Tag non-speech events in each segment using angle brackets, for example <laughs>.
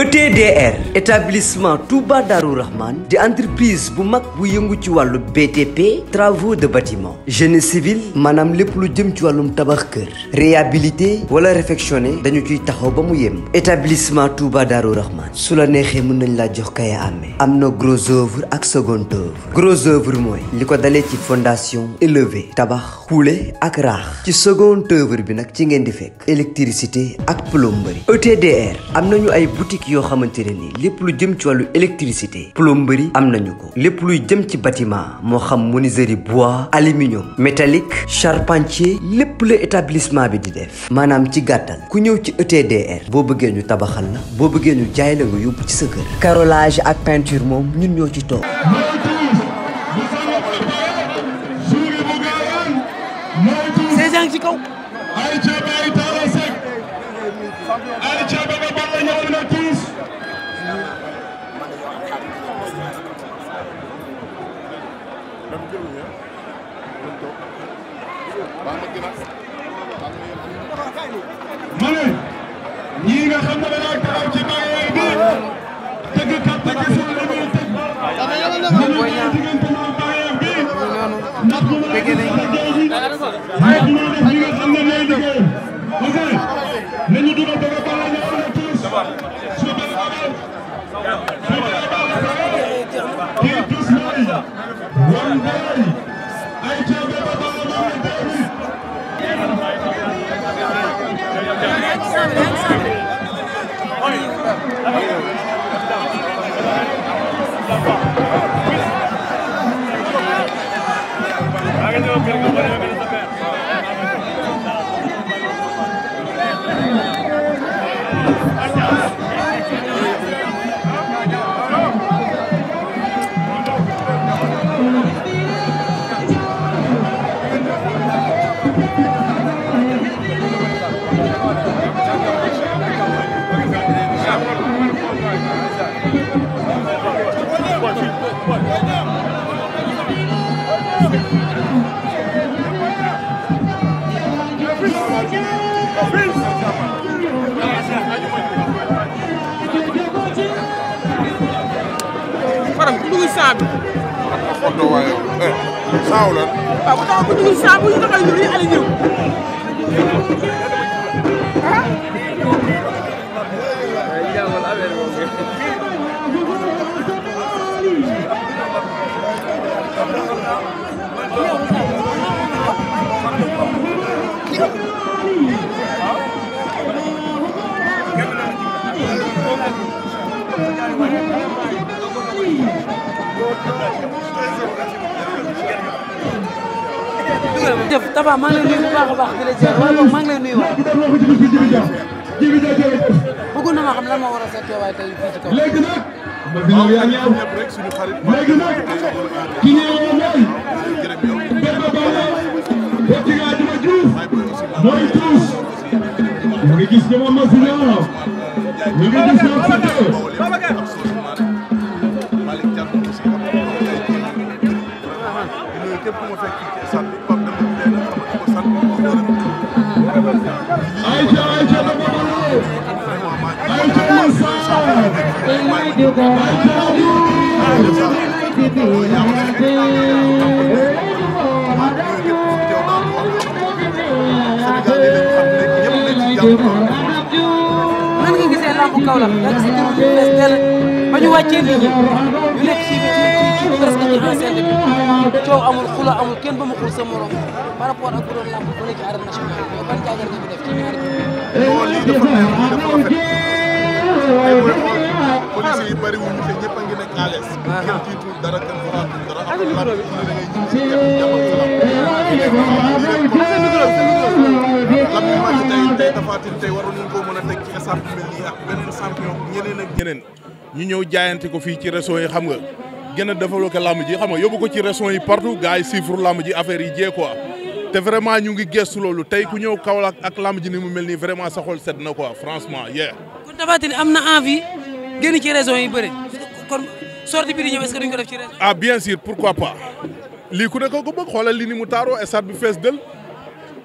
ETDR établissement Touba Darou Rahman di entreprise bu mag bu yëngu ci wàllu BTP travaux de bâtiment génie civil maanaam lépp lu jëm ci wàllum tabax kër réhabilité wala réfectionné dañu ciy taxaw ba mu yem établissement Touba Darou Rahman su la neexee mën nañ laa jox kaya amee am na gros œuvre ak second œuvre gros œuvre mooy li ko dalee ci fondation élevé tabax xuule ak raax ci second œuvre bi nag ci ngeen di fekk électricité ak plomberie ETDR am yoo xamante ne nii lépp lu jëm ci wàllu électricité plomberie am nañu ko lépp luy jëm ci bâtiment moo xam menuiserie bois aluminium métallique charpentier lépp la établissement bi di def maanaam ci gàttal ku ñëw ci ETDR boo bëggee ñu tabaxal la boo bëggee ñu jaay la yóbbu ci sa kër carrelage ak peinture moom ñun ñoo ci toog ma ah. ne ñii nga xam ne dañoo taxaw ci magaay bi tëggkat bi gisul li muy tëgg. ma ne diggante bi magaay bi. ndax mu mën a doo waaye yow eh, saaw la. waaw bu taw bu ñuy saa bu ñu taxaw ñu ngi Aliou ñëw. ah. Thank you. jëf Tapha maa ngi lay nuyu bu baax a baax di la ziar wala boog maa ngi lay nuyu waat. bëggoon na ma xam lan moo war a seet teewaay tey fii ci kaw. léegi nag. waaw yaa ngi am léegi nag. ki ñu yore mooy. Bébé Balla. Watiga Adama Diouf. mooy Touche. mu ngi gis jamono si ñoom. mu ngi gis ñoom si ñoom. képp ku ma fekk fii ci stade bi Pape Demba Ndiaye la xamal ko sant bi ko war a ayca ayca la ko ayca la saa maa ngi ko nan nga gisee làmb Kaolack nga gis ne bu bees teel ba ñu wàccee nit ñi géej coow amul xula amul kenn ba mu xul sa morom par rapport ak bu def ci ñaari non lii oh, lii dafa te ngi nekk à ah, ah. kenn tiitul dara kenn xalaatul dara amul làmb da ngay ñëw si kenn jàppal sa làmb lamb tey tey dafaatin tey waroon nañ koo mën a teg ci exemple mel nii ak beneen ñeneen ak ñeneen ñu ñëw jaayante ko fii ci réseau yi xam nga gën a développé làmb ji xam nga yóbbu ko ci régions yi partout gars yi suivre làmb ji yi jee quoi te vraiment ñu ngi gestu loolu tey ku ñëw Kaolack ak làmb ji ni mu mel ni vraiment sa xol sedd na quoi franchement yeah. kon Tapha Tine am na envie génn ci régions yi bëri kon sortie bi di ñëw est duñ ko def ci région ah bien sûr pourquoi pas lii ku ne ko ko lii ni mu taaroo stade bi fees dël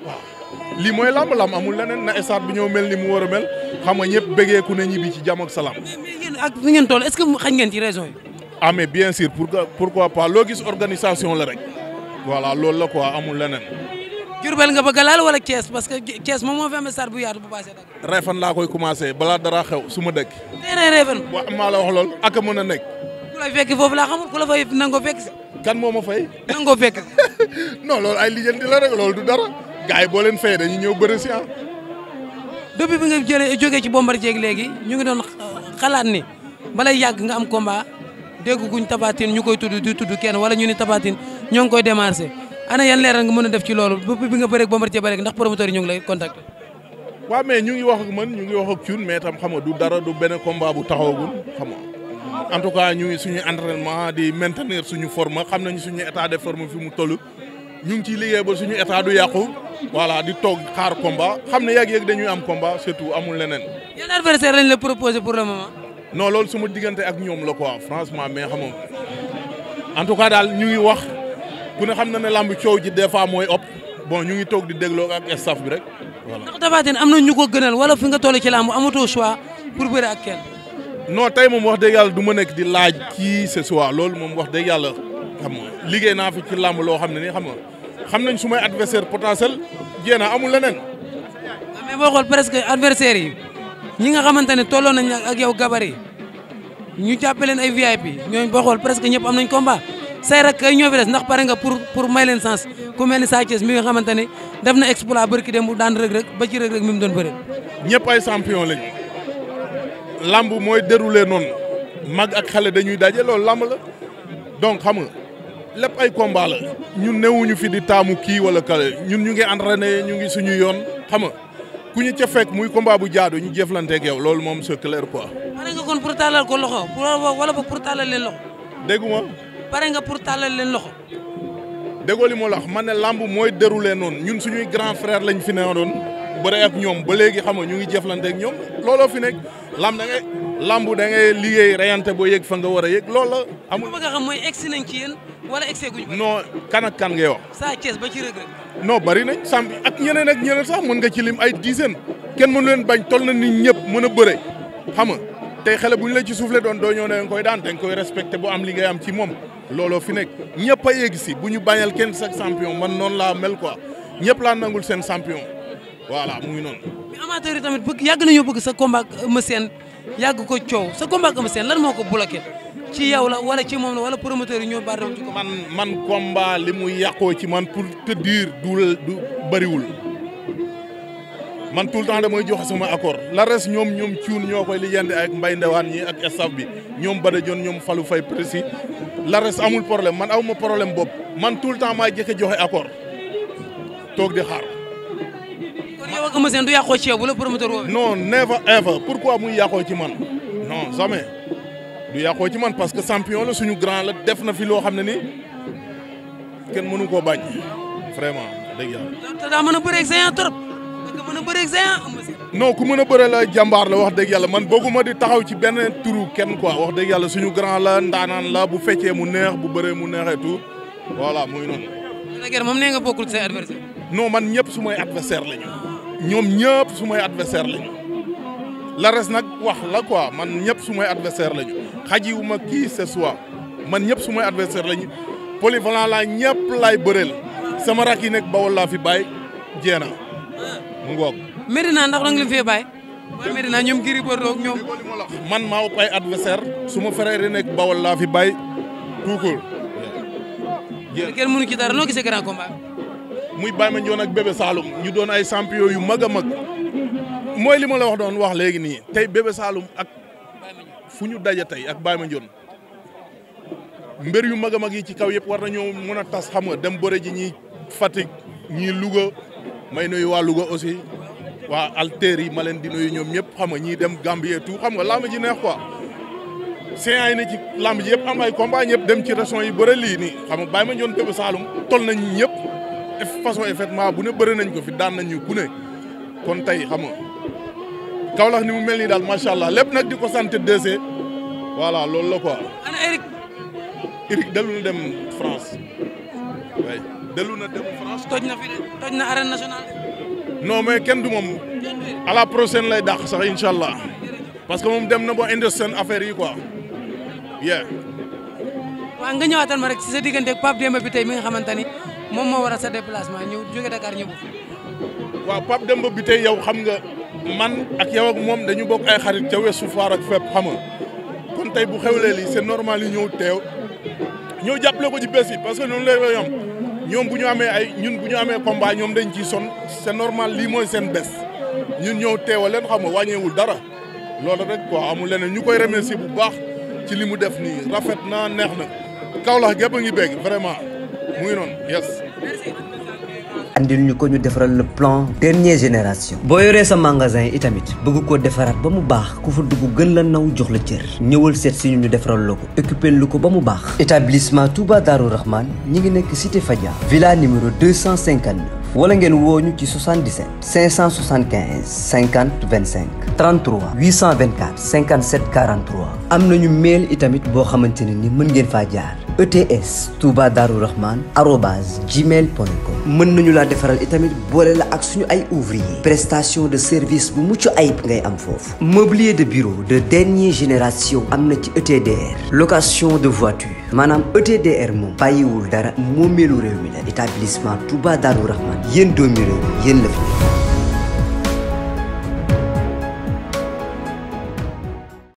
waaw lii mooy làmb làmb leneen na stade bi ñëw mel ni mu war a mel xam nga ñëpp bëggee ku ne ñibbi ci jàmm ak salaam. ak ngeen toll est-ce que xañ ngeen ci région yi. ah mais bien sûr pour pourquoi pas loo gis organisation la rek voilà loolu la quoi amul leneen. Diourbel nga ba a laal wala Thiès parce que Thiès moom moo fi amee stade bu yaatu bu passé rek. Réfane laa koy commencé balaa dara xew su dëkk. terrain Réfane. waaw maa la wax lool ak a mën a nekk. ku fekk foofu laa xamul ku la fay nangoo fekk si. kan moo ma fay. nangoo fekk. <laughs> non loolu ay lijjanti la rek loolu du dara. gars yi boo leen fayee dañuy ñëw bëri si ah. depuis bi nga jëlee jógee ci Bombardier léegi ñu ngi doon xalaat ni balay yàgg nga am combat. dégguñ tabatin ñu koy tudd di tudd kenn wala ñu ni tabatin ñoo ngi koy démarché ana yan leeral nga mën a def ci loolu ba bi nga bëreeg Bombardier ba rek ndax promoteur yi ñu lay contacté waaw mais ñu ngi wax ak man ñu ngi wax ak Thioune mais xam nga du dara du benn combat bu taxawagul xam nga ñu suñu entraînement di maintenir suñu forme xam nañu suñu état de forme fi mu toll ñu ngi ciy liggéey ba suñu état du yàqu voilà di toog xaar combat xam ne yàgg-yàgg dañuy am combat surtout amul leneen le moment non loolu su ma diggante ak ñoom la quoi franchement mais xam nga en tout cas daal ñu ngi wax ku ne xam na ne làmb coow ji des fois mooy ëpp bon ñu ngi toog di dégloo ak staff bi rek voilà. ndax Tapha Tine am na ñu ko gënal wala fi nga toll ci làmb amatoo choix pour bëre ak kenn. non tey moom wax dëgg yàlla du ma nekk di laaj kii ce soi loolu moom wax dëgg yàlla xam nga liggéey naa fi ci làmb loo xam ne nii xam nga xam nañ su may adversaire potentiel jéem amul leneen. Ah, mais boo xool presque adversaire yi. ñi nga xamante ne tolloo nañ ak yow gabarit ñu jàppe leen ay VIP ñooñu boo xool presque ñëpp am nañ combat say rak ay ñoo des ndax pare nga pour pour may leen sens ku mel ni Sa Thiès mi nga xamante ne def na exploit barki dem bu daan rëg-rëg ba ci rëg-rëg mi mu doon bëri ñëpp ay champion lañ lamb mooy déroulé noonu mag ak xale dañuy daje lool lamb la donc xam nga lépp ay combat la ñun newuñu fi di taamu kii wala kale ñun ñu ngi entraîné ñu ngi suñu yoon xam nga ku ñu ca fekk muy combat bu jaadu ñu jëflanteeg yow loolu moom c'est clair quoi. kon pour tàllal ko loxo wala pour tàllal leen loxo. dégguma. pare nga pour tàllal leen loxo. déggoo li moo man ne lamb mooy déroulé noonu ñun suñuy grand frère lañ fi newoon bëre ak ñoom ba léegi xam nga ñu ngi jëflanteeg ñoom looloo fi nekk lamb da ngay da ngay liggéey reyante boo yëg fa nga war a yëg loolu la. amul nga xam mooy egg si nañ ci yéen wala excès guñ ko. non kan ak kan ngay ba ci Reug Reug. bari nañ sàmm ak ñeneen ak ñeneen sax mën nga ci lim ay dizaine kenn mënu leen bañ toll na nit ñëpp mën a bëre xam nga tey xale bu ñu la ci suufle doon doo ñëw ne nga koy daan da nga koy respecté bu am li nga am ci moom looloo fi nekk ñëpp a yegg si bu ñu bañal kenn sax champion man noonu laa mel quoi ñëpp laa nangul seen champion voilà muy noonu. mais amateur yi tamit bëgg yàgg nañoo bëgg sa combat ak Eumeu Sène yàgg ko coow sa combat ak Eumeu Sène lan moo ko bloqué. ci yow la wala ci moom la wala promoteur yi ñoo bari ci ko man man combat li mu yàqoo ci man pour te dire du bariwul bëriwul man tout le mooy damay joxe sama accord la ñoom ñoom cuun ñoo koy lijjanti ak mbay ndewaan ñi ak staff bi ñoom bada ñoom falu fay prési la amul problème man aw ma problème bopp man tout le temps maa jëkke joxe accord toog di xaar kon yow ak Eumeu Sène du yàqoo ci yow bu la ci man non jamais du yàqoo ci man parce que champion la suñu grand la def na fi loo xam ne ni kenn mënu koo bañ vraiment dégg yàlla. te a bëreeg géant trop. nga mën ku mën a bëre la jàmbaar la wax dëgg yàlla man bëgguma di taxaw ci benn turu kenn quoi wax dëgg yàlla suñu grand la ndaanaan la bu feccee mu neex bu bëree mu neexee tout voilà muy noonu. dëgg moom nee nga bokkul say adversaire. non man ñëpp su may adversaire lañu. ñoom ñëpp su may adversaire lañu. la res nag wax la quoi man ñëpp su may adversaire lañu. wu ma kii ce man ñëpp su may adversaire lañu polyvalent laa ñëpp laay sama rak yi nekk bawol laa fi bàyyi jeena mu ngoog. Medina ndax danga leen fee bàyyi. waa Medina ñoom Gris Bordeaux ñoom. man su ma frère yi nekk bawol laa fi bay tuukul. jërëjëf kenn mënu ci dara muy Baye Mandione ak Bébé Saloum ñu doon ay champion yu mag a mag mooy li ma la wax doon wax léegi nii tey Bébé Saloum ak. fu ñu daje tey ak Baye Mandione mbër yu mag a mag yi ci kaw yëpp war nañoo mën a tas xam nga dem bëre ji ñii Fatick ñii Louga may nuyu waa Louga aussi waa alter yi ma leen di nuyu ñoom ñëpp xam nga ñii dem Gambie tout xam nga làmb ji neex quoi. séant yi ne ci làmb ji yëpp am ay combat ñëpp dem ci régions yi bëre lii nii xam nga Baye Mandione Pépé Saloum toll nañ ñëpp façon effectivement bu ne bëre nañ ko fi daan nañu ñu ne kon tey xam Kaolack ni mu mel ni daal macha allah lépp nag di ko sante 2C voilà loolu la quoi. ana Eric. Eric dellu na dem France dellu na dem toj na fi de toj na arène nationale. non mais kenn du moom à la lay dàq sax incha allah parce que moom dem na boo indi seen affaire yi quoi bien. waaw nga ñëwaatal ma rek si sa diggante ak Pape Demba bi tey mi nga xamante ni moom moo waral sa déplacement ñëw jóge Dakar ñëw. waaw Pape Demba bi tey yow xam nga. man ak yow moom dañu bokk ay xarit ca weesu faar ak fépp xam nga kon tey bu xewlee lii c'est normal yu ñëw teew ñëw jàppale ko ci bés yi parce que noonu lay ñoom ñoom bu ñu amee ay ñun bu ñu amee combat ñoom dañ ciy son c'est normal lii mooy seen bés ñun ñëw teewal leen xam nga wàññeewul dara loolu rek quoi amul leneen ñu koy remercier bu baax ci li mu def nii rafet na neex na kawlax gépp a ngi bég vraiment mu ngi noonu yes andil ñu ko ñu defaral le plan dernière génération boo yoree sa magasin itamit bëgg ko defaraat ba mu baax ku fa dugg gën la naw jox la cër ñëwal seet si ñu defaral la ko occupé lu ko ba mu baax établissement Touba Darou raxmaan ñi ngi nekk cité Fadia villa numéro 259 wala ngeen woo ñu ci 77 575 50 25 33 824 57 43 am nañu mail itamit boo xamante ne ni mën ngeen faa jaar ETS Touba Darou Rahman arobase gmail point com mën nañu laa defaral itamit boole la ak suñu ay ouvrier prestation de service bu mucc ay ngay am foofu mobilier de bureau de dernière génération am na ci ETDR location de voiture maanaam ETDR moom wul dara moomeelu réew mi la établissement Touba Darou Rahman yéen doomi réew mi yéen la fi